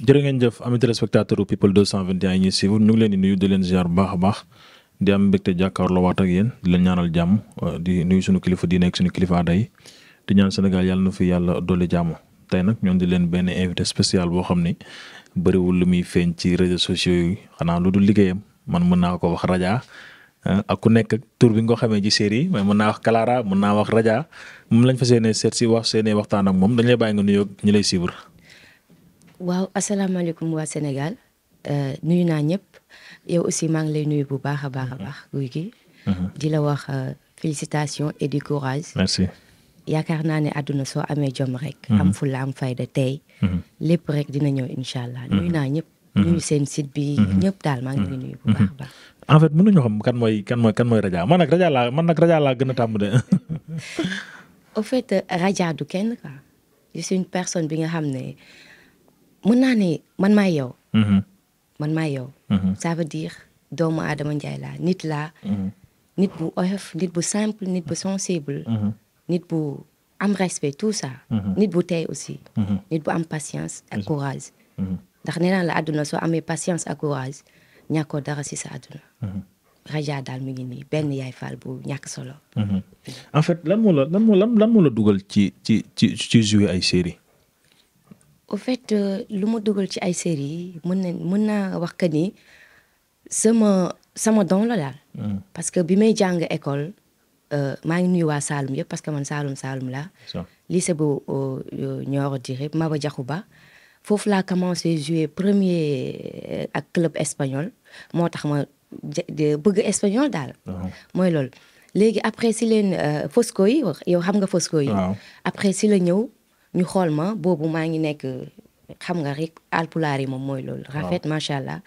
jërë ngeen jëf amit téléspectateur people 221 ñuy siiw ñu ngi leen di nuyu di leen ziar baax a baax di am mbégte jàkkaarloo waat ak yéen di leen ñaanal jàmm euh, di nuyu suñu kilifa di nekk suñu kilifa aada yi di ñaan Sénégal yàlla na fi yàlla dolli jàmm tey nag ñoom di leen benn invité spécial boo xam ni bëriwul lu muy feeñ ci réseaux sociaux yi xanaa lu dul liggéeyam man mën naa ko wax raja ak ku nekk ak tur bi nga ko xamee ci série mais mën naa wax Kalara mën naa wax raja moom lañ fa seenee seet si wax seenee waxtaan ak moom dañ lay bàyyi nga nuyoog ñu lay siiwal waaw asalaamaaleykum waa Sénégal euh, nuyu naa ñëpp yow aussi maa ngi lay nuyu bu baax a baax a mhm. baax guy gi mhm. di la wax euh, félicitations et di courage. yaakaar naa ne àdduna soo amee jom rek. am mhm. fu la am fayda tey. lépp rek dina ñëw incha allah nuyu naa ñëpp. nuyu seen site bi ñëpp daal maa ngi lay nuyu bu baax a baax. en fait mënuñu xam kan mooy kan mooy kan man nag Radia laa man gën a tàmm de. au fait euh, Radia du kenn quoi je une personne bi nga xam ne. mën naa ne man maay yow. Mm-hmm. man ma yow. Mm-hmm. ça veut doomu Adama Ndiaye laa nit laa. Mm-hmm. nit bu oyof nit bu simple nit bu sensible. nit bu am respect tout ça. nit bu te aussi. nit bu am patience ak courage. ndax nee naa la àdduna soo amee patience ak courage ñàkkoo dara si sa àdduna. Raja daal mi ngi nii benn yaay faal bu ñàkk solo. fait la lan lan moo dugal ci ci ci ci au fait euh, lu ma dugal ci ay séries mën na mën naa wax que ni sama sama don la daal. Hmm. parce que bi may jàng école euh, maa ngi nuyu waa Saalum yëpp parce que man Saalum Saalum laa. lycée bu euh, Nioro di rek Maba jaxu Ba foofu laa commencé jouer premier ak club espagnol moo tax ma bëgg espagnol daal. Uh-huh. mooy loolu léegi après si leen Fosco yi yow xam nga Fosco yi. après si la ñëw. ñu xool ma boobu maa ngi nekk xam nga rek alpulaar yi moom mooy loolu. rafet macha allah.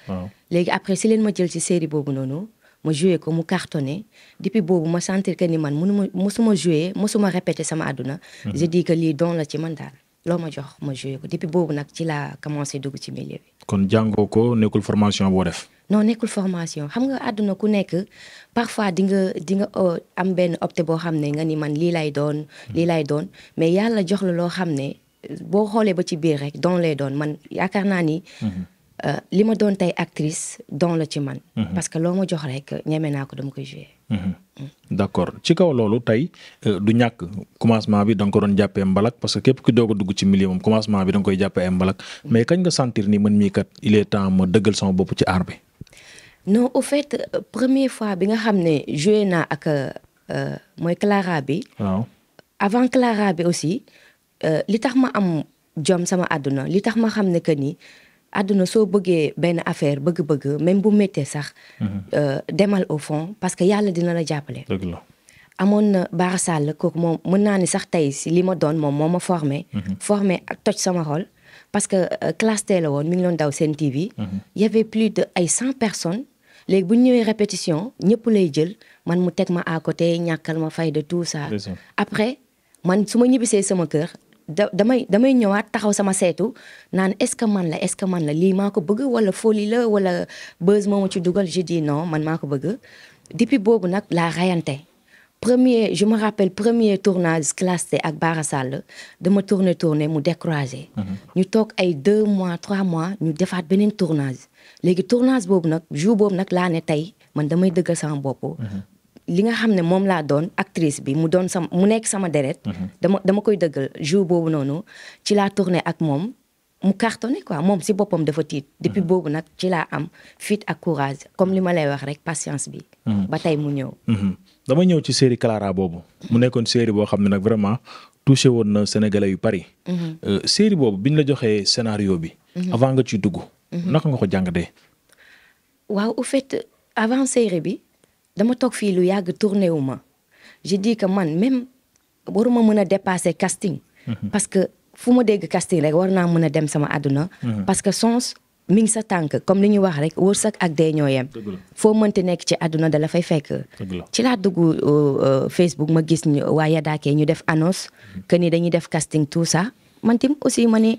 léegi après si leen ma jël ci série boobu noonu. ma joué ko mu cartonné depuis boobu ma sentir que ni man mënuma mosuma joué mosuma répété sama àdduna. Mhm. je dis que lii don la ci man daal. loo ma jox ma joué ko depuis boobu nag ci laa commencé dugg ci milieu bi. kon jàngoo ko nekkul formation boo def. non nekkul formation xam nga àdduna ku nekk parfois di nga di nga oh, am benn opté boo xam ne nga ni man lii lay doon lii lay doon mais yàlla jox la loo xam ne boo xoolee ba ci biir rek don lay doon man yaakaar naa ni mhm. euh, li ma doon tey actrice don la ci man mhm. parce que loo ma jox rek ñeme naa ko dama koy jouer mhm. mm. d'accord ci kaw loolu tey euh, du ñàkk commencement bi da nga ko doon jàppee mbalak parce que képp ki doog a dugg ci milieu commencement bi da koy jàppee ay mbalak mm. mais kañ nga sentir ni man mii kat il est temps ma dëggal sama ci art bi non au fait euh, première fois bi nga xam ne joué naa ak euh, mooy Clara bi. waaw avant Clara bi aussi euh, li tax ma am jom sama àdduna li tax ma xam ne que ni àdduna soo bëggee benn affaire bëgg-bëgg même bu méttee sax. Mhm. demal au fond parce que yàlla dina la jàppale. amoon na baax Sall kooku moom mën naa ni sax tey si li ma doon moom moo ma formé. Mhm. formé ak toj sama xol. parce que classe tey woon mi ngi doon daw seen TV. Mhm. y avait plus de ay cent personnes. léegi bu ñu ñëwee répétition ñëpp lay jël man mu teg ma à côté ñàkkal ma fay de tout ça. après man su ma ñibbisee sama kër. da damay damay ñëwaat taxaw sama seetu naan est-ce que man la est-ce que man la lii maa ko bëgg wala folie la wala buzz moo ma ci dugal je dis non man maa ko bëgg depuis boobu nag laa rayante premier je me rappelle premier tournage classé ak Bara la dama tourner tourner mu décroisé. Mhm. ñu toog ay deux mois trois mois ñu defaat beneen tournage. léegi tournage boobu nag jour boobu nag laa ne tey man damay dëggal sama bopp. Mhm. li nga xam ne moom laa doon actrice bi mu doon sama mu nekk sama deret. Mhm. dama dama koy dëggal jour boobu noonu ci laa tourné ak moom mu cartonné quoi moom si boppam dafa tiit. depuis mhm. boobu nag ci laa am fit ak courage comme li ma lay wax rek patience bi. ba tey mu ñëw. dama ñëw ci série Clara boobu. mu nekkoon série boo xam ne nag vraiment touché woon na sénégalais yu bari. Euh, série boobu bi la joxee scénario bi. avant nga ciy dugg. Mhm. naka nga ko jàngatee. waaw au fait avant bi dama toog fii lu yàgg tourné wu ma je dis que man même waruma mën a dépasser casting. Mhm. parce que fu ma dégg casting rek war naa mën a dem sama àdduna. Mhm. parce que sens mi ngi sa tànk comme li ñuy wax rek wërsëg ak dee ñoo yem. foo mënti nekk ci àdduna da la fay fekk. ci laa dugg euh, euh, Facebook ma gis waa Yadaake ñu def annonce. que ni dañuy def casting tout ça. man tim aussi ma ni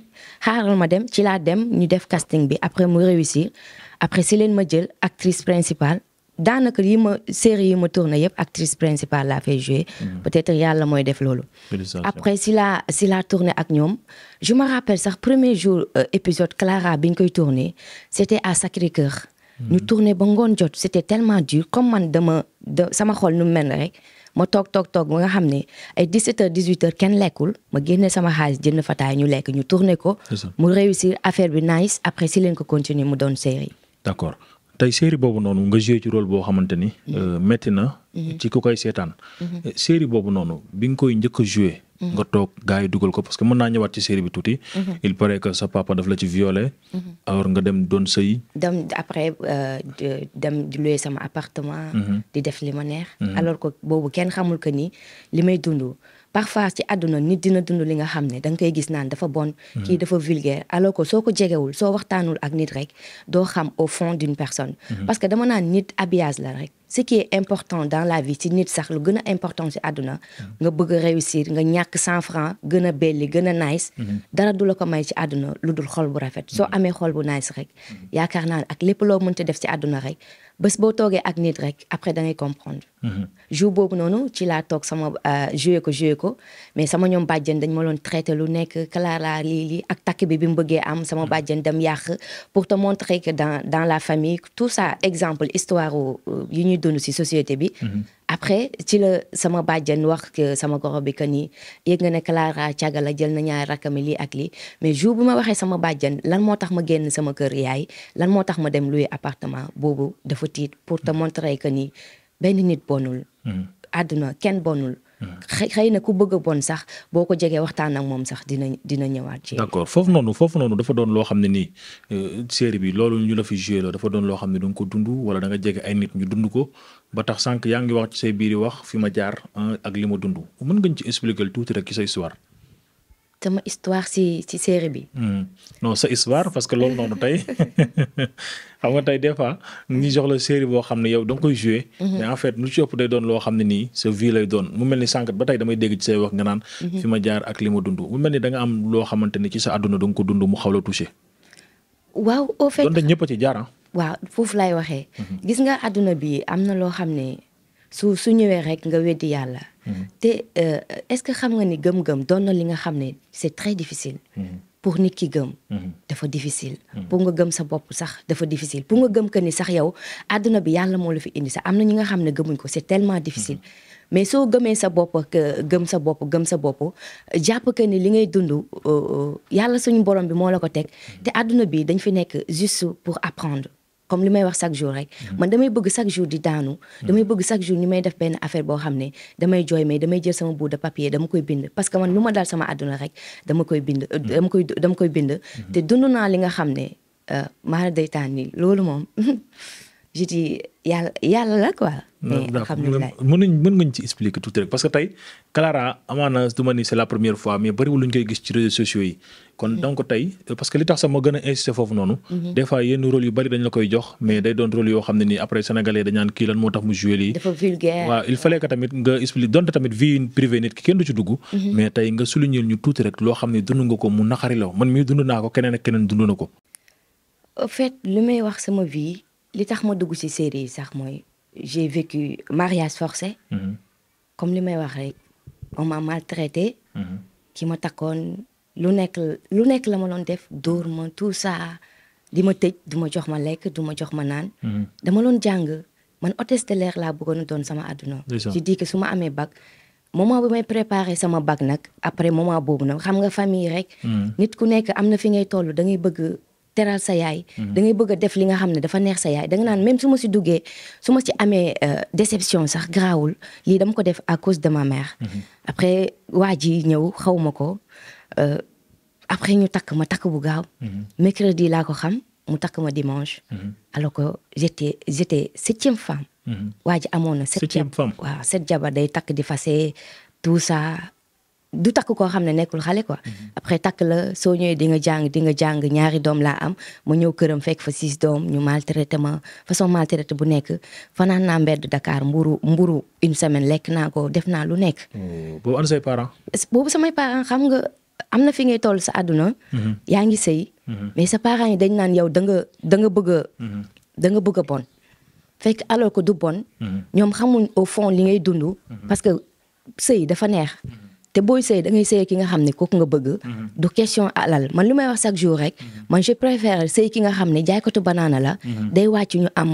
xaaral ma dem ci laa dem ñu def casting bi après mu réussir après si leen ma jël actrice principale daanaka yi ma série yi ma tourné yëpp actrice principale laa fay jouer mhm. peut-être yàlla mooy def loolu après si laa si laa tourné ak ñoom juma me sax premier jour euh, épisode Clara bi ñu koy tourné c'était à sacré mhm. ñu tourné ba ngoon jot c'était tellement dur comme man dama sama xol nu mel na rek ma toog toog toog ba nga xam ne ay 17 heures kenn lekkul ma génne sama xaalis jënd fataay ñu lekk ñu tourné ko. mu réussir affaire bi nice après si leen ko continuer mu doon série d'accord tey série boobu noonu nga joué ci rôle boo xamante ni. métti mm-hmm. euh, na. Mm-hmm. ci ku koy seetaan. Mm-hmm. Eh, série boobu noonu bi nga koy njëkk a joué. nga toog gars yi dugal ko parce que mën naa ñëwaat ci série bi tuuti. il paraît que sa papa daf la ci violé. alors nga dem doon sëy. dem après euh, dem di sama appartement. di def li ma neex. alors que boobu kenn xamul que ni li may dund. parfois si àdduna nit dina dund li nga xam ne danga nga koy gis naan dafa bon. Hmm. kii dafa vulgaire alors soo ko jegewul soo waxtaanul ak nit rek doo xam au fond d'une personne. Hmm. parce que dama naan nit habillage la rek. ce qui est important dans la vie ci nit sax lu gën a important ci àdduna nga bëgg a réussir nga ñàkk cent francs gën belli gën nice mhm. dara du la ko may ci àdduna lu dul xol bu rafet soo mhm. amee xol bu nice rek mhm. yaakaar naa ne ak lépp loo mënta def ci àdduna rek bés boo toogee ak nit rek après da ngay comprendre jour boobu noonu ci laa toog sama euh, joué ko joué ko mais sama ñoom bàjjen dañ ma loon traité lu nekk Clara lii lii ak takk bi bi mu bëggee am la famille tout ça euh, dund si société bi. Mm-hmm. après ci la sama bàjjen wax sama goro bi que ni yëg nga ne Clara Thiagala jël na ñaari rakami lii ak lii mais jour bu ma waxee sama bàjjen lan moo tax ma génn sama kër yaay lan moo tax ma dem louer appartement boobu dafa tiit pour te montrer que ni benn nit bonul. Mm-hmm. àdduna kenn bonul. xëy na ku bëgg a bon sax boo ko jegee waxtaan ak moom sax dina dina ñëwaat ci. d'accord foofu noonu foofu noonu dafa doon loo xam ne nii euh, série bi loolu ñu la fi joué dafa doon loo xam ne da nga ko dund wala da jege ay nit ñu dund ko ba tax sànq yaa ngi wax ci say biir wax fi ma jaar ak li ma dundu mën nga ñu ci expliquer tuuti rek ki sa histoire. sama histoire si si série bi. Hmm. non sa histoire parce que loolu noonu tey xam nga tey des fois ñu jox la série boo xam ne yow da nga koy joué. Mhm. mais en fait lu ci ëpp day doon loo xam ne nii sa vie doon mu mel ni sànq ba tey damay dégg ci say wax nga naan. Mhm. fi jaar ak li ma dund mu mel ni da am loo xamante ni ci sa àdduna da nga ko dund mu xaw la touché. waaw au fait donte ñëpp a ci jaar ah. waaw foofu lay waxee. Mhm. gis nga àdduna bi am na loo xam ne su su ñëwee rek nga weddi yàlla. Mm-hmm. te euh, est-ce que xam nga ni gëm-gëm doon na li nga xam ne c'est très difficile. Mm-hmm. pour nit ki gëm. Mm-hmm. dafa difficile. pour nga gëm sa bopp sax dafa difficile pour nga gëm que ni sax yow àdduna bi yàlla moo la fi indi sax am na ñi nga xam ne gëmuñ ko c'est tellement difficile. mais soo gëmee sa bopp gëm sa bopp gëm sa bopp jàpp que ni li ngay dund euh, euh, yàlla suñ borom bi moo la ko teg te adduna bi dañ fi nekk juste pour apprendre. comme li may wax chaque jour rek mm-hmm. man damay bëgg chaque jour di daanu mm-hmm. damay bëgg chaque jour ni may def benn affaire boo xam ne damay jooy may damay jël sama bout de papier dama koy bind parce que man lu ma daal sama àdduna rek dama koy bind euh, mm-hmm. dama koy dama koy bind te dund naa li nga xam ne euh, maa day taan ni loolu moom je dis nga ñu ci expliquer tuuti rek parce que tey Clara amaana du ni c'est la première fois mais bariwul lu koy gis ci réseaux sociaux yi. kon mm. donc tey parce que li tax sax gën a insister foofu noonu. Mm-hmm. des yenn rôle yu bari dañ la koy jox mais day doon rôle yoo xam ne nii après sénégalais dañ kii lan moo tax mu joué lii. dafa il fallait que tamit nga expliquer donte tamit vie privée nit kenn du ci dugg. Mm-hmm. mais tey nga souligner ñu tuuti li tax ma dugg si série yi sax mooy j'ai vécu mariage forcé mm-hmm. comme li may wax rek on m'a maltraité mm-hmm. ki ma takkoon lu nekk lu nekk la ma doon def dóor ma tout ça di ma tëj du ma jox ma lekk du ma jox ma naan mm-hmm. dama doon jàng man hôtesse de l'air laa bëggoon a doon sama adduna je dis que su ma amee bac moment bi may préparé sama bac nag après moment boobu nag xam nga famille rek nit ku nekk am na fi ngay toll da bëgg teral sa yaay. Mhm. dangay ngay bëgg a def li nga xam ne dafa neex sa yaay danga naan même su ma si duggee su ma si amee euh, déception sax garaawul lii dama ko def à cause de ma mère. Mhm. après waa ji ñëw xaw ma ko euh, après ñu takk ma takk bu gaaw. Mhm. mercredi laa ko xam mu takk ma dimanche. alors que j'étais j'étais septième femme. waa ji amoon na septième femme waaw sept jabar day takk di fase tout du takk koo xam ne nekkul xale ko mm-hmm. après takk la soo ñëwee di nga jàng di nga jàng ñaari doom laa am ma ñëw këram fekk fa six doom ñu maltraité ma façon maltraité bu nekk fanaan naa du Dakar mburu mburu une semaine lekk naa ko def naa lu nekk. Oh, boobu ana say parents. boobu samay parents xam nga am na fi ngay toll sa àdduna. Mm-hmm. yaa ngi sëy. Mm-hmm. mais sa parents yi dañ naan yow da nga da nga bëgg da nga bëgg a bon. fekk alors ko du bon. ñoom xamuñ au fond li ngay dund. parce que sëy dafa neex. te booy sëy da ngay sëy ki nga xam ne kooku nga bëgg. Mhm. du question alal man li may wax chaque jour rek. Mhm. man je préfère sëy ki nga xam ne jaaykatu banaana la. Mhm. day wàcc ñu am.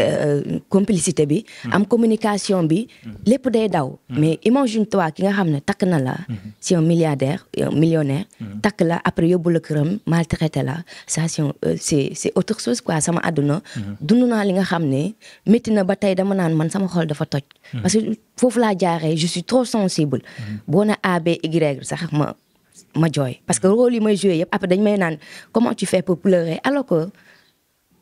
Euh, complicité bi. Hmm. am communication bi. Hmm. lépp day daw. Hmm. mais iman imagine toi ki nga xam ne takk na la. c'est un milliardaire takk la après yóbbu la këram maltraité la ça c'est euh, c'est autre chose quoi sama àdduna. dund naa li nga xam ne métti na ba tey dama naan man sama xol dafa toj. parce que foofu laa jaaree je suis trop sensible. boo na A B Y sax ma ma parce que rôle yi may joué yëpp après dañ may naan comment tu fais pour pleurer alors que.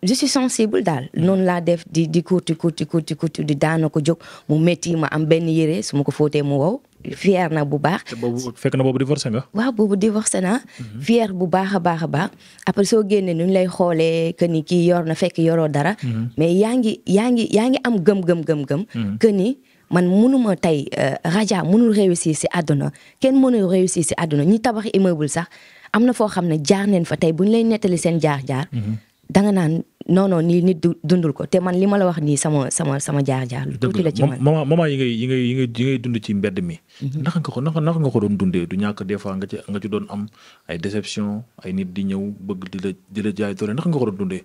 je suis sensible daal mm. noonu laa def di di kurti kurti kurti kurti di daana ko jóg mu métti ma am benn yére su ma ko fóotee mu wow fier na bu baax. te boobu fekk na boobu divorcé nga. waaw boobu divorcé naa. Mm-hmm. fier bu baax a baax a baax après soo génnee nu ñu lay xoolee que ni kii yor na fekk yoroo dara. Mm-hmm. mais yaa ngi yaa ngi yaa ngi am gëm gëm gëm gëm. Mm-hmm. que ni man mënuma tey euh, Radia mënul réussir si àdduna kenn mënul réussir si àdduna ñi tabax immeuble sax am na foo xam ne jaar neen fa tey bu lay nettali seen jaar jaar. danga naan non non nii nit dundul ko te man li ma la wax nii sama sama sama jaar-jaar. lu tuuti la ci man mama mama yi ngay yi ci mbedd mi. Mhm. naka nga ko naka naka nga ko doon dundee du ñàkk des fois nga ci nga ci doon am ay déception ay di ñëw bëgg di la di la jaay nga ko doon dundee.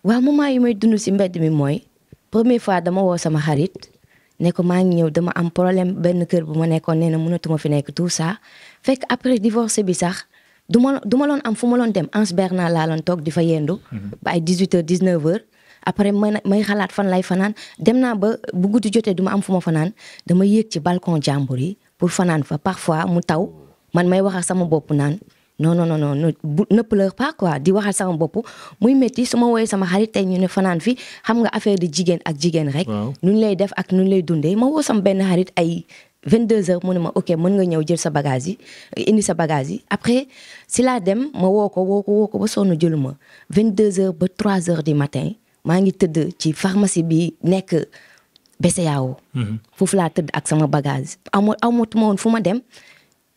waaw moment yi may dund si mbedd mi mooy première fois dama woo sama xarit ne maa ngi ñëw dama am problème benn kër bu ma nekkoon nee na mënatuma fi nekk tout saa fekk après divorce bi sax. du ma du ma loon am fu ma loon dem Anse Bernard laa toog di fa yendu. Mhm. ba ay dis h 19h. après may may xalaat fan lay fanaan dem naa ba bu guddi jotee duma am fu ma fanaan dama yéeg ci balcon jàmbur yi pour fanaan fa parfois mu taw man may wax sama bopp naan non non non non bu ne pleure pas quoi di waxal sama bopp muy métti su ma woowee sama xarit tey ñu ne fanaan fi xam nga affaire di jigéen ak jigéen rek. nu ñu lay def ak nu lay dundee ma woo sama benn xarit ay 22 heures mu ne ma ok mën nga ñëw jël sa bagage yi indi sa bagage yi après si laa dem ma woo ko woo ko woo ko ba sonn jëlu ma deux heures ba trois heures du matin maa ngi tëdd ci pharmacie bi nekk Besseyaawo. Mhm. foofu laa tëdd ak sama bagage amoo amatuma woon fu ma dem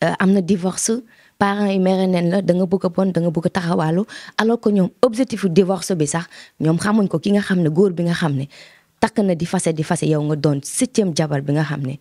euh, am na divorce parents yi mere neen la da nga bëgg a bon da nga bëgg a taxawaalu alors que ñoom objectifu divorce bi sax ñoom xamuñ ko ki nga xam ne góor bi nga xam ne takk na di fase di fase yow nga doon septième jabar bi nga xam ne.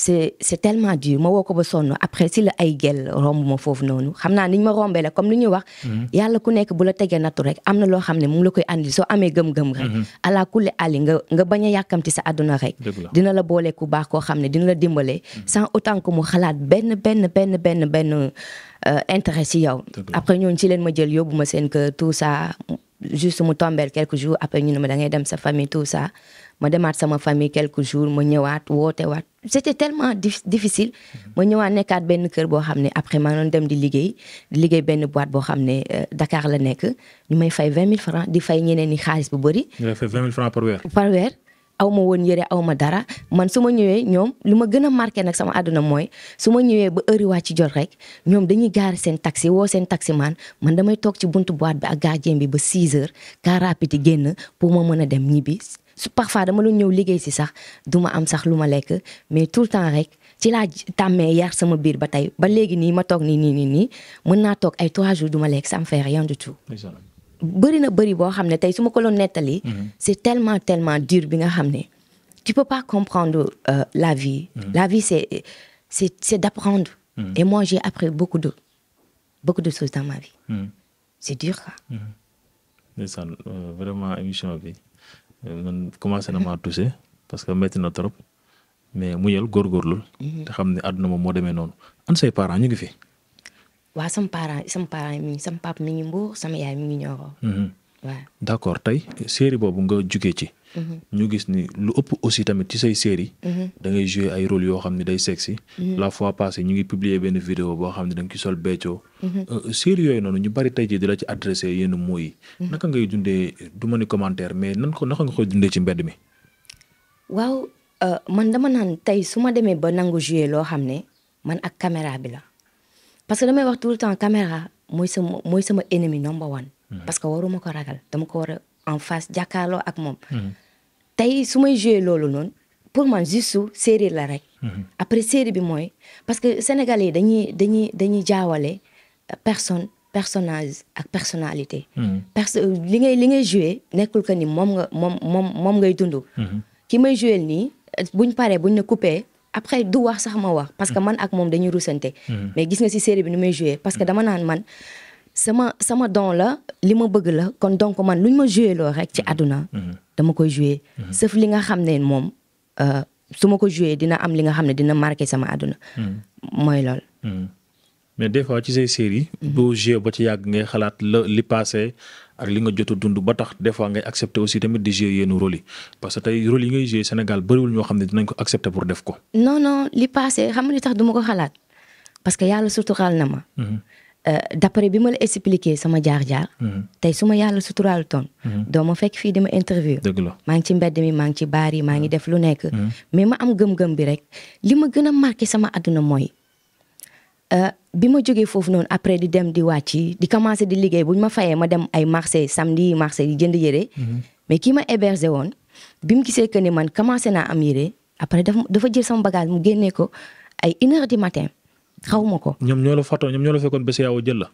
c'est telement tellement ma woo ko ba sonn après si la ay gel romb ma foofu noonu xam naa niñ ma rombee la comme ni ñuy wax mm-hmm. yàlla ku nekk bu la tegee nattu rek am na loo xam ne mu ngi la koy andi soo amee gëm-gëm rek mm-hmm. ala kulli li nga nga bañ a yàkkamti sa àdduna rek dina la boolee ku baax koo xam ne dina la dimbalee mm-hmm. san autant que mu xalaat benn benn benn benn benn euh, intérêt si yow après ñooñu si leen ma jël yobu ma seen que tout ça juste mu tombeel quelques jours après ñu ma da ngay dem sa famille tout ça ma demaat sama famille quelques jours ma ñëwaat woote waat c' était tellement difficile mhm. ma ñëwaat nekkaat benn kër boo xam ne après maa doon dem di liggéey di liggéey benn boîte boo xam ne euh, Dakar la nekk ñu may fay vingt mille francs di fay ñeneen ñi xaalis bu bëri. ñu lay fay vingt mille par weer. aw ma woon yëre aw ma dara man su ma ñëwee ñoom lu ma gën a marqué nag sama àdduna mooy su ma ñëwee ba heure wàcc ci jot rek ñoom dañuy gaari seen taxi woo seen taxi man man damay toog ci buntu boîte bi ak gardien bi ba 6 heures car rapide génn pour ma mën a dem ñibbi su parfois dama doon ñëw liggéey si sax du ma am sax lu ma lekk mais tout le temps rek ci laa tàmmee yar sama biir ba tey ba léegi nii ma toog nii nii nii nii mën naa toog ay trois jours duma lekk ça me fait rien du tout. bëri na bëri boo xam ne tey su ma koloon nettali. Mhm. c'est telement tellement dur bi nga xam ne. tu peux pas comprendre euh, la vie. Mhm. la vie c'est c'est c'est d'apprendre. Mhm. et moi j'ai appris beaucoup de beaucoup de choses vie. c'est dur quoi. Euh, Euh, man commencé na maa touché parce que métti na trop mais mu muñal góorgóorlul. Mhm. te xam ne àdduna moom moo demee noonu. an say parents ñu ngi fi. waa sama parent sama parent mi sama papa mi ngi boo sama yaay mi ngi Nioro. Mhm. waaw d' accord tey série boobu nga jugee ci. Mm-hmm. ñu gis ni lu ëpp aussi tamit ci say série mm-hmm. da ngay jouer ay role yoo xam ne day sexy mm-hmm. la fois passée ñu ngi publier benn vidéo boo xam ne da nga ci sol beccoo euh, série yooyu noonu ñu bari tey jii di la ci adressé ngay dundee du ma ni mais nan ko naka nga koy dundee ci waaw euh, man dama naan tey su ma demee ba nangu jouer loo xam ne man ak caméra bi la parce que damay wax tout le temps caméra mooy sama mooy sama ennemi number one parce que waruma ko ragal dama ko war en face jàkkaarloo ak moom. Mhm. tey su may joué loolu noon pour man juste séeréer la rek. Mhm. après série bi mooy parce que sénégalais yi dañuy dañuy dañuy jaawale euh, personne personnage ak personnalité. Mhm. perso li ngay li ngay joué nekkul que ni moom nga moom moom moom ngay dund. ki may joué nii euh, buñ paree buñ ne coupé. après du wax sax ma wax parce que man ak moom dañuy rusante mais gis nga ci série bi nu may joué parce que dama naan man sama sama don la li ma bëgg la kon donc man lu ñu ma joué loo rek ci mhm. àdduna mhm. dama koy joué mhm. sauf li nga xam ne moom euh, su ma ko joué dina am li nga xam ne dina marqué sama àdduna mooy lool mais des fois ci say série boo joué ba ci yàgg ngay xalaat la li passé ak li nga jot a dund ba tax des fois ngay accepté aussi tamit di joué yenn rôle yi parce que tey rôle yi ngay joué Sénégal bëriwul ñoo xam ne dinañ ko accepté pour def ko non non li passé xam nga li ko xalaat parce que yàlla ma Euh, d'après bi ma la expliqué sama jaar-jaar. Mhm. tey su ma yàlla suturaal toon. Mhm. doo ma fekk fii di ma interview. dëgg la maa ngi ci mbedd mi maa ngi ci yi maa ngi mhm. def lu nekk. mais ma am gëm-gëm bi rek li ma gën a marqué sama adduna mooy. Euh, bi ma jógee foofu noonu après di dem di wàcc di commencé di liggéey bu ñu ma fayee ma dem ay marché samedi marché di jënd yére. mais kii ma hébergé woon bi mu gisee que ni man commencé naa am yére après dafa jël sama bagage mu génnee ko ay une heure xaw ko. ñoom ñoo la fatoo ñoom ñoo la fekkoon bés yaaw jël la.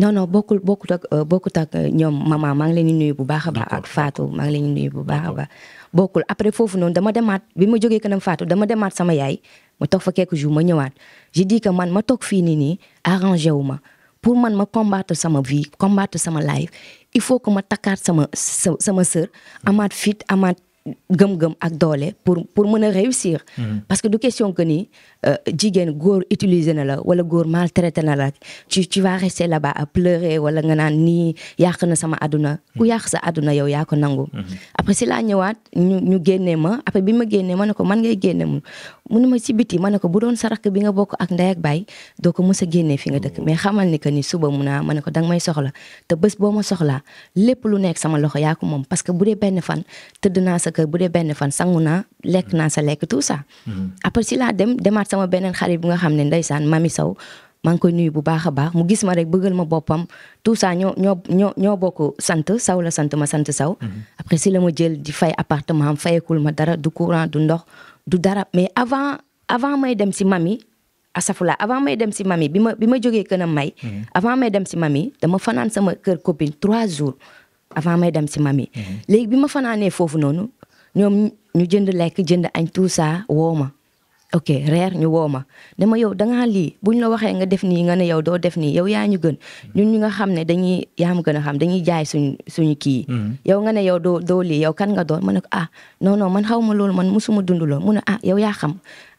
non no bokkul bokkut ak euh, bokkut ak euh, ñoom maman maa ngi leen di nuyu bu baax a baax. ak Fatou maa ngi leen di nuyu bu baax a bokkul après foofu noonu dama demaat bi ma jogee kanam Fatou dama demaat sama yaay ma toog fa quelques jours ma ñëwaat je di que man ma toog fii nii nii arrangé wu ma pour man ma combattre sama vie combattre sama life il faut ko ma takkaat sama sa sama sœur amaat fit amaat gëm-gëm ak doole pour pour mën a réussir. Mm-hmm. parce que du question que ni euh, jigéen góor utiliser na la wala góor maltraité na la tu tu vas rester là-bas à pleurer wala nga naan nii yàq na sama àdduna. ku yàq sa àdduna yow yaa ko nangu. Mm-hmm. après si laa ñëwaat ñu ñu génnee ma après bi ma génnee ma ne ko man ngay génne mu mu ne ma si biti ma ne ko bu doon sarak bi nga bokk ak ndey ak baay doo ko mës a génnee fi nga dëkk oh. mais xamal ni que ni suba mu naa ma ne ko danga may soxla te bés boo ma soxlaa lépp lu nekk sama loxo yaa parce que bu dee benn fan sangu naa lekk mm-hmm. naa sa lekk tout ça. Mm-hmm. après si dem demaat sama beneen xarit bu nga xam ne ndeysaan mami saw maa ngi koy nuyu bu baax a baax mu gis ma rek bëggal ma boppam tout ça ñoo ñoo ñoo ñoo bokk sant sawla sant ma sant saw. Mm-hmm. après si la ma jël di fay appartement am fayekul ma dara du courant du ndox du dara mais avant avant may dem si mami asafula avant may dem si mami bi ma bi ma jógee kën a may. avant may dem si mami dama fanaan sama kër copine trois jours avant may dem si mami. léegi ñoom ñu jënd lekk jënd añ tout ça woo ma ok reer ñu woo ma ne ma yow da ngaa lii buñ la waxee nga def nii nga ne yow doo def nii yow yaa ñu gën ñun ñu nga xam ne dañuy yaa ma gën a xam dañuy jaay suñ suñu kii mm-hmm. yow nga ne yow doo doo lii yow kan nga doon ma ne ko ah non man xaw ma loolu man musuma dund loolu mu ne ah yow yaa xam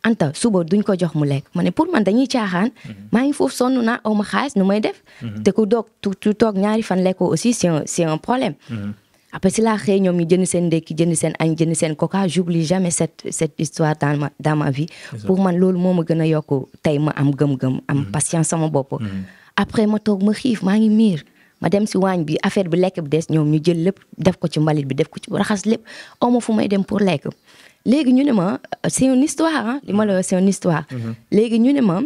anta suba duñ ko jox mu lekk ma ne pour man dañuy caaxaan mm-hmm. maa ngi foofu sonn naa aw ma xaalis nu may def mm-hmm. te ku doog tu toog ñaari fan lekkoo aussi c'est un c'est après si laa xëy ñoom ñu jënd seen ndékki jënd seen añ jënd seen coca j'oublie jamais cette cette histoire dans ma dans ma vie pour man loolu moo ma gën a yokk tey ma am gëm-gëm am mhm. patience sama bopp mhm. après ma toog ma xiif maa ngi miir ma dem si waañ bi affaire bi lekk bi des ñoom ñu jël lépp def ko ci mbalit bi def ko ci raxas lépp aw ma fu may dem pour lekk léegi ñu ne ma euh, c'est une histoire li ma la mhm. c'est une histoire léegi ñu ne ma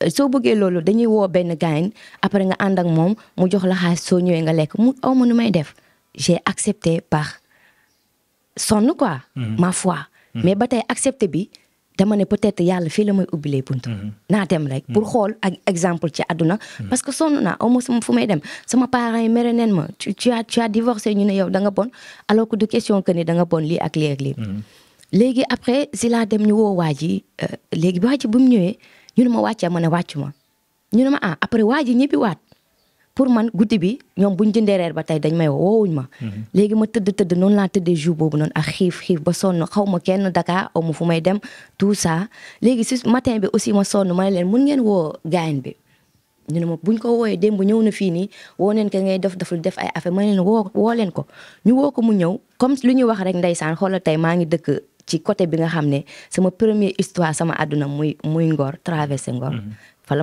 euh, soo bëggee loolu dañuy woo benn gaañ après nga ànd ak moom mu jox la xaalis soo ñëwee nga lekk mu aw ma nu may def j'ai accepté par sonn quoi. Mhm. ma foi. Mhm. mais ba tey accepté bi dama ne peut-être yàlla fii la may ubbilee bunt. Mhm. naa dem rek pour xool ak exemple ci adduna parce que sonn naa au moins fu may dem sama parents yi mere neen ma tu tu as tu as ñu ne yow da nga bon alors que du question que ni da nga bon lii ak lii ak léegi après si laa dem ñu woo waa ji euh, léegi waa ji bu mu ñëwee ñu ne ma wàccee ma ne wàccu ma ñu ne ma ah après waa ñibbi waat. pour man guddi bi ñoom bu ñu jëndee reer ba tey dañ may woowuñ ma. Mhm. léegi ma tëdd tëdd noonu laa tëddee jour boobu noonu ak xiif xiif ba sonn xaw ma kenn Dakar aw fu may dem tout ça. léegi si matin bi aussi ma sonn ma leen mun ngeen woo gaayen bi ñu ne ma buñ ko wooyee démb ñëw na fii nii woo neen ko ngay def daf def ay affaire ma ne leen woo leen ko. ñu woo ko mu ñëw comme lu ñuy wax rek saan xoolal tey maa ngi dëkk ci côté bi nga xam ne sama premier histoire sama àdduna muy muy Ngor traversé Ngor. Mhm. fa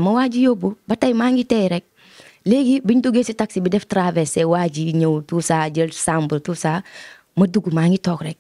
léegi bi ñu duggee si taxi bi def traversé waa ji ñëw tout ça jël chambre tout ma dugg maa ngi toog rek.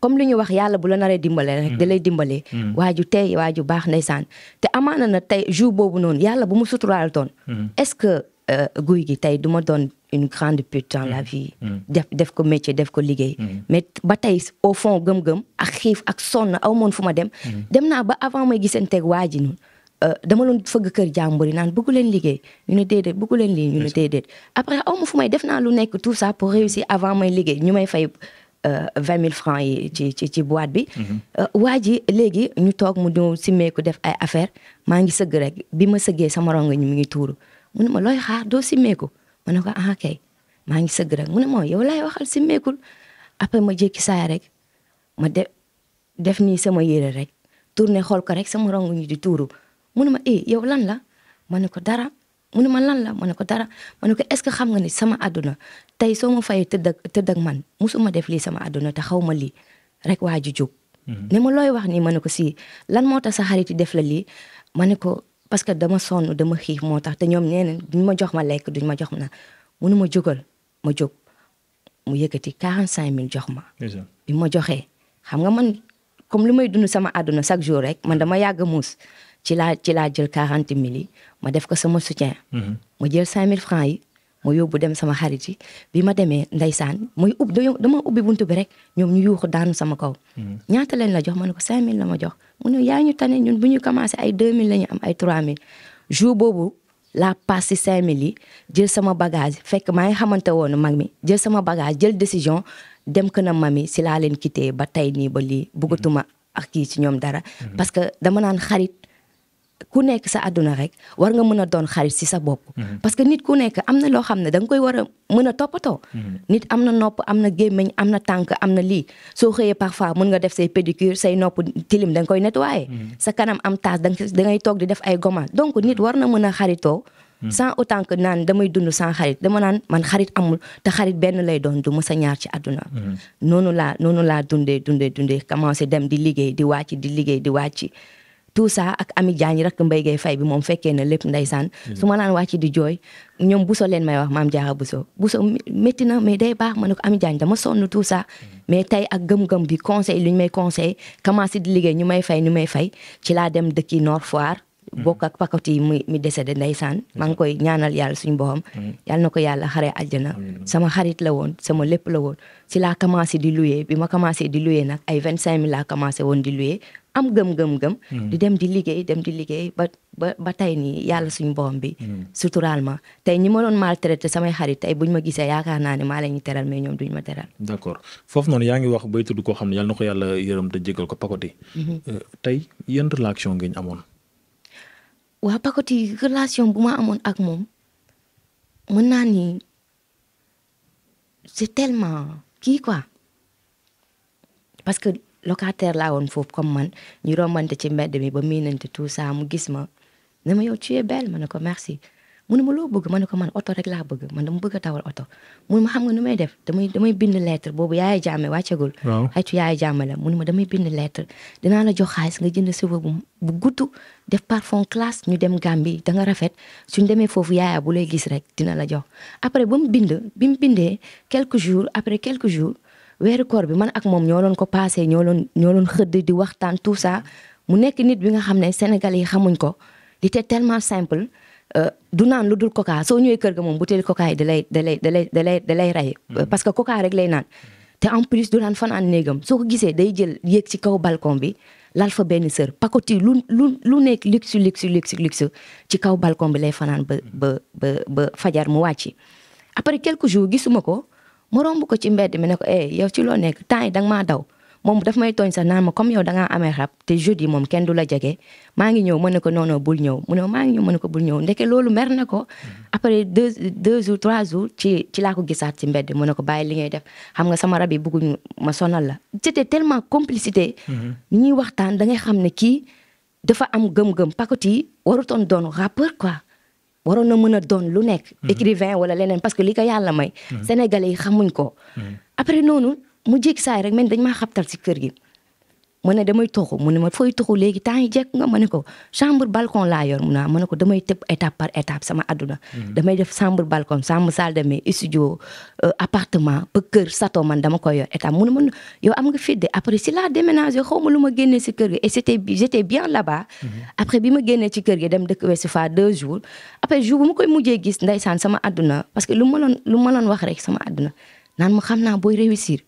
comme li ñu wax yàlla bu la naree dimbalee rek mm. da lay dimbale. Mm. waaju tey waaju baax saan te amaana na tey jour boobu noonu yàlla bu mu suturaal toon mm. est-ce que euh, guy gi tey duma ma doon une grande pute dans la vie. def def ko métier def ko liggéey. mais ba tey au fond gëm-gëm ak xiif ak sonn aw moon fu ma dem. dem naa ba avant may gisanteeg waa ji noonu. Euh, dama doon fëgg kër jàmbur yi naan bëggu leen liggéey ñu ne déedéet bëggu leen lii ñu ne déedéet après aw ma fu may def naa lu nekk tout ça pour réussir avant may liggéey ñu may fay euh, vingt mille francs yi ci ci ci boîte bi mhm. euh, waa ji léegi ñu toog mu ñëw simmeeku def ay affaire maa ngi sëgg rek bi ma sëggee sama rongo ñu ngi tuuru mu ma looy xaar doo simmeeku ma ne ko ah kay maa ngi sëgg rek mu ne ma yow laay waxal simmeekul après ma jékki saay rek ma def def nii sama yére rek tourné xool ko rek sama rongo ñu di tuuru mu ma eh yow lan la ma ne ko dara mu ne ma lan la ma ne ko dara ma ne ko est ce que xam nga ni sama àdduna tey soo ma fayee te ak tëdd ak man musuma def lii sama àdduna ta xaw ma lii rek waa ji jóg. Mhm. ne ma looy wax nii ma ne ko si lan moo tax sa xarit yi def la lii ma ne ko parce que dama sonn dama xiif moo tax te ñoom nee na duñ ma jox ma lekk duñ ma jox ma naan ma jógal ma jóg mu yëkkati 45000 jox ma. bi ma joxee xam nga man comme lu may dund sama àdduna chaque jour rek man dama yàgg mus ci laa ci laa jël quarante mille yi ma def ko sama soutien. Mhm. ma jël cinq mille francs yi ma yóbbu dem sama xarit yi bi ma demee ndeysaan muy ub dama ubbi buntu bi rek ñoom ñu yuuxu daanu sama kaw. Mhm. ñaata leen la jox ma ne ko cinq mille la ma jox mu ne yaa ñu tane ñun bu ñu commencé ay deux mille la ñu am ay trois mille jour boobu. la passe si cinq yi jël sama bagage fekk maa ngi xamante woon mag mi jël sama bagage jël décision dem kën a mami si laa leen quitté ba tey nii ba lii bëggatuma ak kii ci ñoom dara. Mhm. ku nekk sa àdduna rek war nga mën a doon xarit si sa bopp. Mhm. parce que nit ku nekk am na loo xam ne da koy war a mën a toppatoo. Mhm. nit am na nopp am na gémmiñ am na tànk am na lii soo xëyee fa mën nga def say pédicure say nopp tilim da nga koy nettoyer. Mhm. sa kanam am taas da ngay toog di def ay gommage donc nit war na mën a xaritoo. sans autant que naan damay dund sans xarit dama naan man xarit amul te xarit benn lay doon du mës a ñaar ci adduna noonu laa noonu laa dundee dundee dundee commencé dem di liggéey di wàcc di liggéey di wàcc tout ça ak Ami Diagne rakk Mbaye Gueye Faye bi moom fekkee na lépp ndeysaan mm-hmm. su ma naan wàcc di jooy ñoom Bousso leen may wax maam Diarra Bousso Bousso métti na mais day baax ma ne ko Ami Diagne dama sonn tout ça mm-hmm. mais tey ak gëm gam bi conseil lu ñu may conseil commencé di liggéey ñu may fay ñu may fay ci laa dem dëkki Nord Foire mm-hmm. bokk ak pakati mi mi décédé ndeysaan maa ngi koy ñaanal yàlla suñu boppam yàlla na ko yàlla xaree àjjana sama xarit la woon sama lépp la woon si laa commencé di louer bi ma commencé di louer nag ay vingt cinq mille laa woon di louer am gëm-gëm-gëm hmm. di dem di liggéey dem di liggéey ba ba ba tey nii yàlla suñ boom bi hmm. suturaal ma tey ñi ma doon maltraité samay xarit tey buñ ma gisee yaakaar naa ne maa la ñu teral mais ñoom duñ ma teral d' accord foofu noonu yaa ngi wax bay tudd koo xam ne yàlla na ko yàlla yërëm te jégal ko Pacotille mhm. euh, tey yan relation ngeen amoon waa Pacotille relation bu ma amoon ak moom mën naa ni c'est tellement kii quoi locataire laa woon foofu comme man ñu rombante ci mbedd mi ba miinante tout ça gis ma ne ma yow tu es ma ne ko merci mu ne ma loo bëgg ma ne ko man oto rek laa bëgg man dama bëgg tawal oto mu ne ma xam nga nu may def damay damay bind lettre boobu yaay jàmme wàccegul xaytu yaay jàmme la mu ne ma damay bind lettre dina la jox xaalis nga jënd cheveux bu bu gudd def parfum classe ñu dem Gambie da nga rafet suñ demee foofu yaaya bu lay gis rek dina la jox après b mu bind bi mu bindee quelques jours après quelques jours weeru koor bi man ak moom ñoo loon ko passé ñoo loon ñoo doon xëdd di waxtaan tout ça mu nekk nit bi nga xam ne Sénégal yi xamuñ ko di te tellement simple euh, du naan lu dul coca soo ñëwee kër ga moom butéeli coca yi dalay lay da lay da lay lay da hmm. euh, parce que kokaa rek lay naan te en plus du daan fanaan néegam soo ko gisee day jël yéeg ci kaw balcon bi lal fa benn sër lu lu lu nekk luxe luxe luxe luxe ci kaw balcon bi lay fanaan ba ba ba ba fajar mu wàcc après quelque jour gisuma ko ma romb ko ci mbedd mi ne ko eh yow ci loo nekk temps yi danga maa daw moom daf may tooñ sax naan ma comme yow dangaa amee rab te jeudi moom kenn du la jege maa ngi ñëw ma ne ko noonu bul ñëw mu ne maa ngi ñëw mën ne ko bul ñëw ndeke loolu mer na ko mm-hmm. après deux deux jours trois jours ci ci laa ko gisaat ci mbedd mu ne ko bàyyi li ngay def xam nga sama rab yi bëgguñu ma sonal la c'était tellement complicité mm-hmm. ñuy waxtaan da ngay xam ne kii dafa am gëm-gëm pakoti warutoon doon rappeur quoi waroon na mën a doon lu nekk. Mhm. écrivain wala leneen parce que li ko yàlla may. Mhm. sénégalais yi xamuñ ko. Mhm. après noonu mu jékki saay rek man dañ maa xabtal si kër gi. ma ne damay toxu mu ne ma fooy toxu léegi temps yi jekk nga ma ne ko chambre balcon laa yor mu naa ah, ma ne ko damay tëb étape par étape sama adduna mhm. damay def chambre balcon chambre salle de bain studio euh, appartement ba kër sato man dama koy yor étape mu ne man yow am nga fidde après si la déménagé xaw ma lu ma génnee si kër gi et c'était j'étais bien là mhm. après bi ma génnee ci kër gi dem dëkk Ouest Foire deux jours après jour bu ma koy mujjee gis ndeysaan sama adduna parce que lu ma loon lu ma wax rek sama adduna naan ma xam naa booy réussir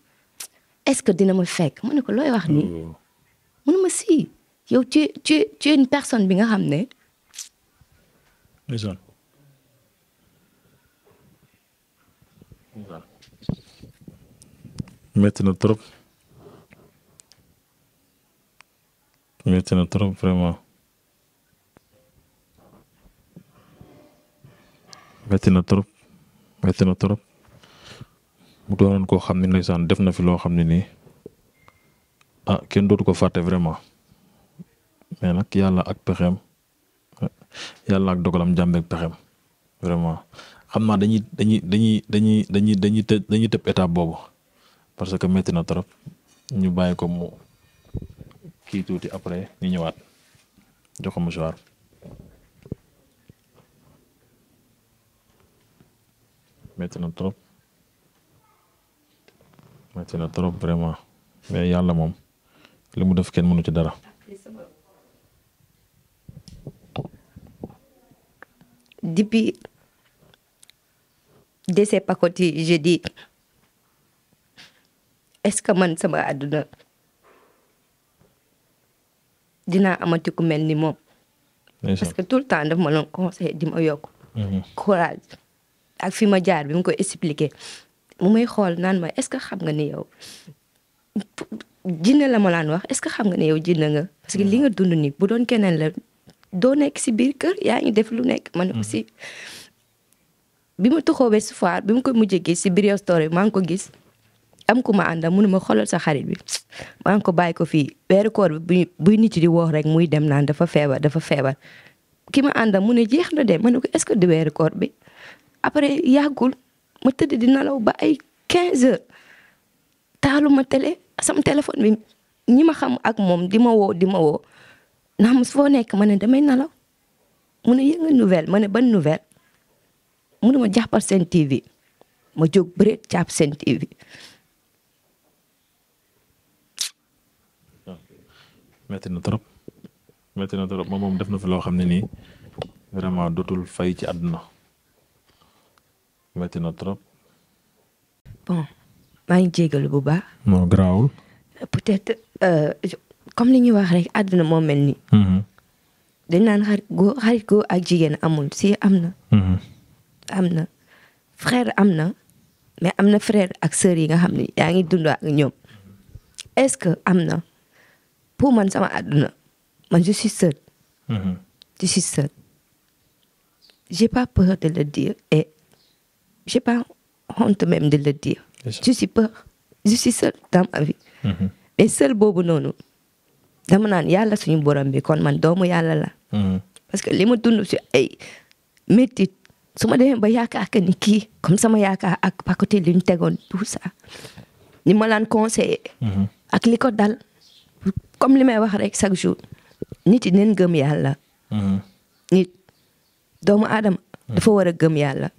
est-ce que dina ma fekk ma ne ko looy wax nii oh. mënu ma si yow tu tu tu es une bi nga xam ne. ndeysaan. metti na trop metti na trop vraiment metti na trop metti na trop mu doonoon koo xam ne ndeysaan def na fi loo xam ne nii. a ah, kenn dootu ko fàtte vraiment mais nag yàlla ak pexeem yàlla ak dogalam jàmbeeg pexeem vraiment xam naa dañuy dañuy dañuy dañuy dañuy dañuy të dañuy tëb étape boobu parce que métti na trop ñu bàyyi ko mu kii tuuti après ñu ñëwaat jox ko mouchoir métti na trop métti na trop vraiment mais yàlla moom. li mu def kenn mënu ci dara. depuis décès Pacoti je est-ce que man sama àdduna dina amati ku mel ni moom. parce que tout le temps daf ma doon conseillé di ma yokk. Mhm. courage ak fi ma jaar bi mu ko expliqué mu may xool naan ma est-ce que xam nga ni yow jinne la ma wax est-ce que xam nga ne yow jinne nga parce que li nga dund ni bu doon keneen la doo nekk si biir kër yaa ngi def lu nekk man aussi bi ma toxoo ba soir bi ma ko mujjee gis si biir story maa ngi ko gis am ku ma àndal mënu ma xoolal sa xarit bi maa ngi ko bàyyi ko fii weeru koor bi buy nit yi di woox rek muy dem naan dafa feebar dafa feebar ki ma àndal mu ne jeex na de ma ne ko est-ce que di weeru koor bi après yàggul ma tëdd di nalaw ba ay 15 heures taalu sama téléphone bi ñi ma xam ak moom di ma woo di ma woo ndax mu foo nekk ma ne damay nalaw mu ne yëngal nouvelle ma ne ban nouvelle mu ne ma jàppal seen TV ma jóg bëreet jàpp seen TV. metti na trop metti na trop moom def na fi loo xam ne nii vraiment dootul fay ci àdduna metti na trop. maa ngi jégalu bu baax. moo garaawul. peut-être euh, comme li ñuy wax rek àdduna moo mel nii. Mm-hmm. dañ naan xarit góor xarit góor ak jigéen amul si am na. Mm-hmm. am na frère am na mais am na frère ak sœur yi nga xam ne yaa ngi dund ak ñoom est-ce que am na pour man sama àdduna man je suis seule. Mm-hmm. je suis seule j'ai pas peur de le dire et pas honte même de le dire. je suis peur je suis seul dans ma mm-hmm. boobu noonu dama naan yàlla suñu borom bi kon man doomu yàlla la. Mm-hmm. parce que li ma dund si ay métit su ma demee ba yaakaar que kii comme sama yaakaar ak pacoté li ñu tegoon tout ça ni ma laan mm-hmm. ak li ko dal comme li may wax rek chaque jour nit yi neen gëm yàlla. nit doomu aadama dafa war gëm yàlla.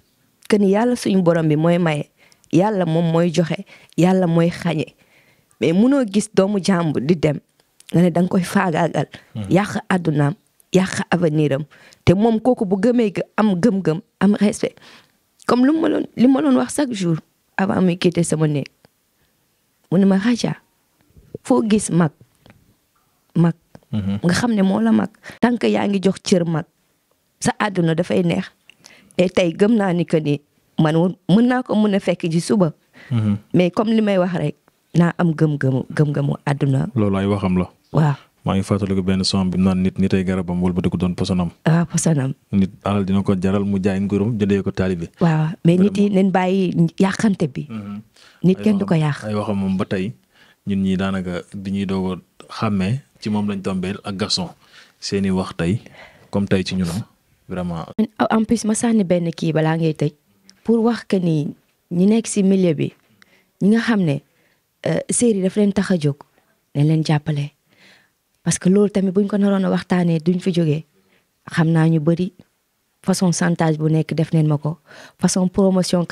que ni suñu borom bi mooy yàlla moom mooy joxe yàlla mooy xañe mais munoo gis doomu jàmbur di dem nga ne da koy faagaagal. Hmm. yàq àddunaam yàq avenir am te moom kooku bu gëmee am gëm-gëm am respect comme lu ma doon li ma doon wax chaque jour avant muy quitter sama néeg mu ma Raja foo gis mag mag. Hmm. nga xam ne moo la mag. tant que yaa ngi jox cër mag sa àdduna dafay neex et tey gëm naa ni que ni man mën naa ko mën a fekk ji suba. Mhm. mais comme li may wax rek naa am gëm-gëmu gëm-gëmu àdduna. loolu ay waxam la. waaw maa ngi fàttaliku benn son bi naan nit nitay garabam wëlbatiku doon posanam. waaw ah, posanam. nit alal dina ko jaral mu jaay nguuram jëndee ko taali bi. waaw mais nit yi nañ bàyyi yàqante bi. Mhm. nit kenn du ko yàq. ay waxam moom ba tey ñun ñi daanaka bi ñuy doog a xàmmee ci moom lañ tombeel ak Gaston seeni wax tey comme tey ci ñun vraiment. en benn kii balaa ngay tëj. pour wax que ni ñi nekk si milieu bi ñi nga xam ne euh, série daf leen tax a jóg dañ leen jàppale parce que loolu tamit buñ ko naroon a waxtaanee duñ fi jógee xam naa ñu bëri façon chantage bu nekk def neen ma ko façon promotion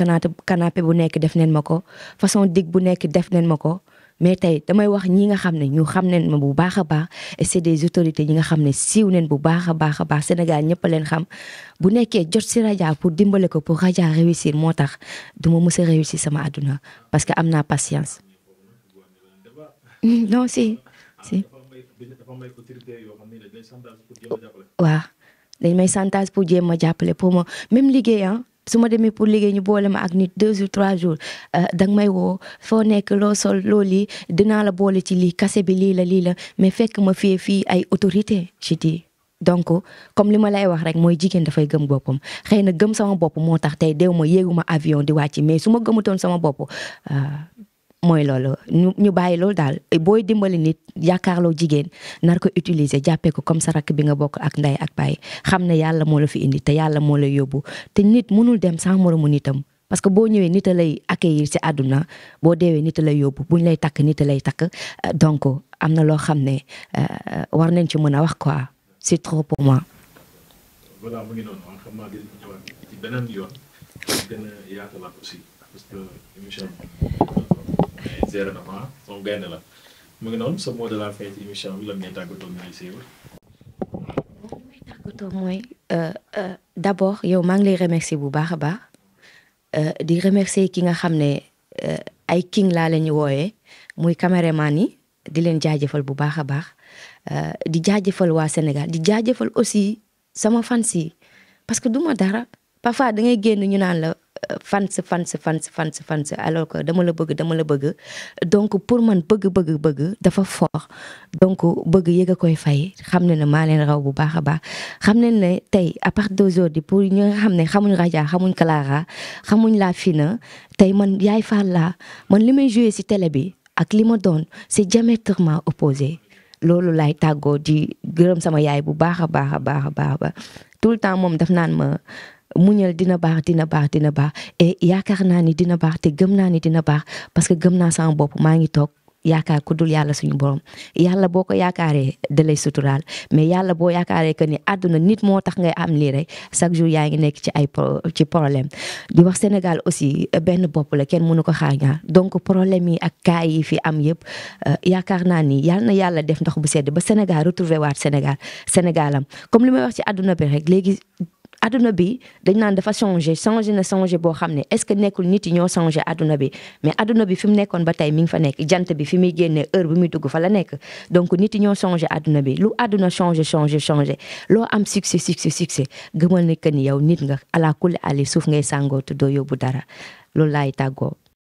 canapé bu nekk def neen ma ko façon dig bu nekk def neen ma ko mais tey damay wax ñi nga xam ne ñu xam nen ma bu baax a baax et des autorités ñi nga xam ne siiw nen bu baax a baax a baax Sénégal ñëpp a leen xam bu nekkee jot si Radia pour dimbale ko pour Radia réussir moo tax du ma mës a réussir sama adduna parce que am naa patience. non si si. dañ may santage pour jéem a jàppale pour ma même liggéey su ma demee pour liggéey ñu boole ma ak nit deux ou trois jours euh, danga may woo foo nekk loo sol loo lii dinaa la boole ci lii kase bi lii la lii la mais fekk ma fii fii ay autorité je dis donc comme li ma lay wax rek mooy jigéen dafay gëm boppam xëy na gëm sama bopp moo tax tey deew ma yéegu ma avion di wàcc mais su ma gëmatoon sama bopp euh, mooy loolu ñu ñu bàyyi loolu daal booy dimbali nit yaakaarloo jigéen nar ko utiliser jàppee ko comme sa rakk bi nga bokk ak ndey ak baay xam ne yàlla moo la fi indi te yàlla moo lay yóbbu te nit mënul dem sans moromu nitam. parce que boo ñëwee nit a lay accueillir si adduna boo deewee nit a lay yóbbu buñ lay takk nit lay takk euh, donc am na loo xam ne euh, war nañ ci mën a wax quoi c'est trop pour moi. zéro dama moom gaynde la d' euh, euh, abord yow maa ngi lay remercier bu baax a baax euh, di remercier ki nga xam ne ay king laa la ñu wooyee muy caméraman yi di leen jaajëfal bu baax a baax di jaajëfal waa Sénégal di jaajëfal aussi sama fans yi parce que du dara parfois da génn ñu naan la. fans fans fans fans fans alors que dama la bëgg dama la bëgg donc pour man bëgg bëgg bëgg dafa fort donc bëgg yëg koy fay xam ne ne maa leen raw bu baax a baax xam ne ne tey à partir d'aujourd'hui pour ñu nga xam ne xamuñ Radia xamuñ kalaara xamuñ La Fina tey man Yaay Fall man li may joué si tele bi ak li ma doon c'est diamétralement opposé loolu laay tàggoo di gërëm sama yaay bu baax a baax a baax temps moom daf naan ma muñal dina baax dina baax dina baax et yaakaar naa ni dina baax te gëm naa ni dina baax parce que gëm naa sama bopp maa ngi toog yaakaar ku dul yàlla suñu borom yàlla boo ko yaakaaree dele lay suturaal mais yàlla boo yaakaaree que ni àdduna nit moo tax ngay am lii rek chaque jour yaa ngi nekk ci ay ci problème di wax Sénégal aussi benn bopp la kenn mënu ko xaar ñaar donc problème yi ak cas yi fi am yëpp euh, yaakaar naa ni yàlla na yàlla def ndox bu sedd ba Sénégal retrouver waat Sénégal Sénégalam adduna bi dañ naan dafa changé changé na changé boo xam ne est-ce que nekkul nit yi ñoo changé bi mais adduna bi fi mu nekkoon ba tey mi ngi fa nekk jant bi fi muy génnee heure bi muy dugg fa la nekk donc nit yi ñoo changé adduna bi lu adduna changé changé changé loo am succès succès succès gëmal ne que yow nit nga alaa kulli ali suuf ngay sàngoo tuddoo yóbbu dara loolu laay tàggoo